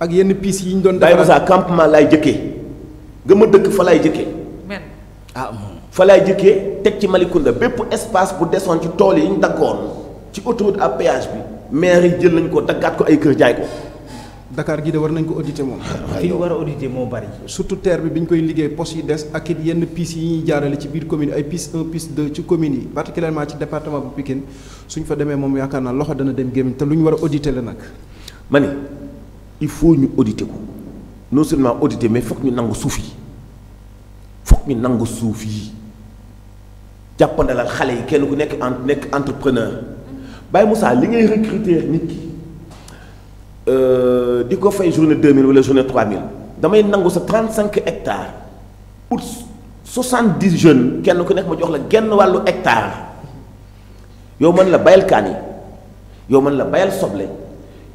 ak yenn piis yi ñu doon. defaraat Baye Moussa campement laay jëkkee nga ma dëkk fa laay jëkkee. ah fa laay jëkkee teg ci Malicounda bépp espace bu desoon ci tool yi ñu daggoon ci autoroute à péage bi maire yi jël nañ ko daggaat ko ay kër jaay ko. Dakar gi de war nañ ko auditer moom. fi war a auditer moo bari. surtout ter bi bi ñu koy liggéey postes yi des ak it yenn piste yi ñuy jaarale ci biir commune ay piste 1 piste 2 ci commune yi particulièrement ci département bu Pikine suñ fa demee moom yaakaar naa loxo dana dem gémmiñ te lu war a nag. ma ni il faut ñu auditer non seulement auditer mais faut ñu nangu suuf yi faut ñu nangu suuf yi jàppandalal xale yi kenn des des entrepreneurs nekk entrepreneur Baye Moussa li ngay recruter nit ki euh, di fait fay journée 2000 ou une journée 3000 damay nangu sa 35 hectares pour 70 jeunes qui ont nekk ma jox la genn wàllu hectare Yo man la canne kaani yo man la belle soble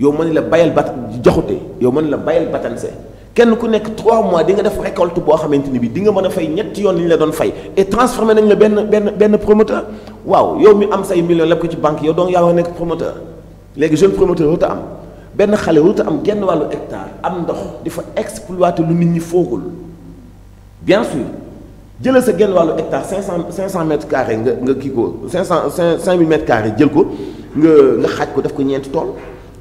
yow man la bayal bat jaxute yow ma la bayal batanse kenn ku nekk 3 mois di nga def récolte boo xamante ni bi di nga mën a fay ñetti yoon li la doon fay et transformer nañ la benn benn benn promoteur waaw yow mi am say million leb ko ci banque yow donc yaa war nekk promoteur léegi jeune promoteur warut am benn xale warut am genn wàllu hectare am ndox di fa exploiter lu nit ñi foogul bien sûr jëlal sa genn wàllu hectare 500 500 mètres carrés nga nga kii ko 500 5000 mètres carrés jël ko nga nga xaaj ko def ko ñeenti tool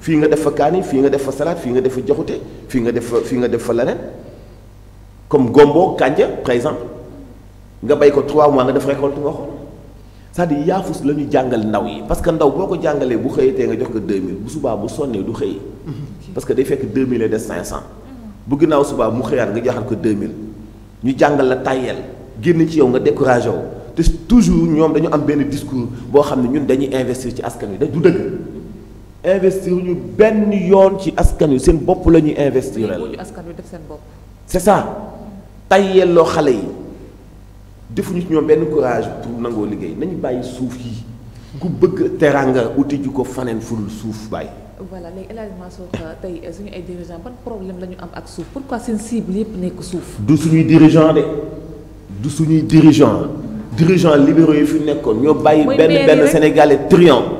fi nga def fa kaani fii nga def fa salaat fii nga def fa fi nga def fi nga def fa leneen comme gombo kànja par exemple nga bay ko 3 mois nga def récolte nga xool c'est-à-dire yaafus la ñu jàngal ndaw yi parce que ndaw boko jangalé bu xëyatee nga jox ko 2000 bu suba bu sonné du xey parce que day fekk 2000 et des 500 bu ginnaaw suba mu xëyaat nga jaxal ko 2000 ñu jangal la tayel genn ci yow nga décourager wu te toujours ñom dañu am benn discours bo xam ñun dañuy investir ci askan wi da du dëgg investir une belle yon ci askan wi seen bopp la ñuy investir askan wi c'est ça tayyelloo xale yi defuñu ci ñoom benn courage pour nangoo liggéey nañu bàyyi suuf yi ku bëgg teraanga outil ji ko faneen ful suuf bàyyi. voilà léegi El Hadj Mansour tey euh, suñu ay dirigeants ban problème la ñu am ak suuf pourquoi seen cible yëpp nekk suuf. du suñuy dirigeant de du suñuy dirigeant dirigeant libéraux yi fi nekkoon ñoo bàyyi. benn benn Sénégalais triant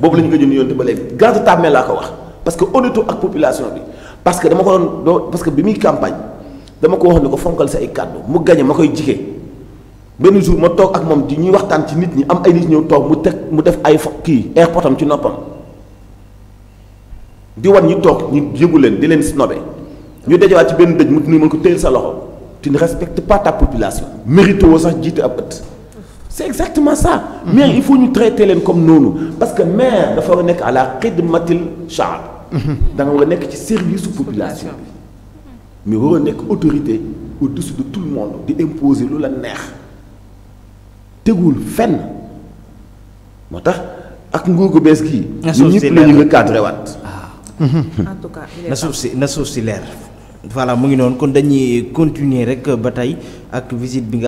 boobu la ñu ko ba de la ko wax parce que population parce que dama ko parce que bi campagne dama ko wax ni ko fonkal sa ay kàddu mu gagné ma koy jour ma toog ak moom di ñuy waxtaan ci nit ñi am ay nit ñëw toog mu teg mu def ay ci noppam di wan ñu di snobé ñu ci mu ko tu ne respectes pas ta population mérite woo sax jiite ab c'est exactement ça mais il faut nous traiter comme comme nous parce que maire dafa war a à la xidmatil shaab mhm. da nga war a nekk ci service population mais war a autorité au-dessus de tout le monde de imposer lu la neex tegul fenn ak nguur gu bees gii ñu la ñu recadré wat ah. en tout cas na si na si voilà mu ngi non kon dañuy continuer rek ba ak visite bi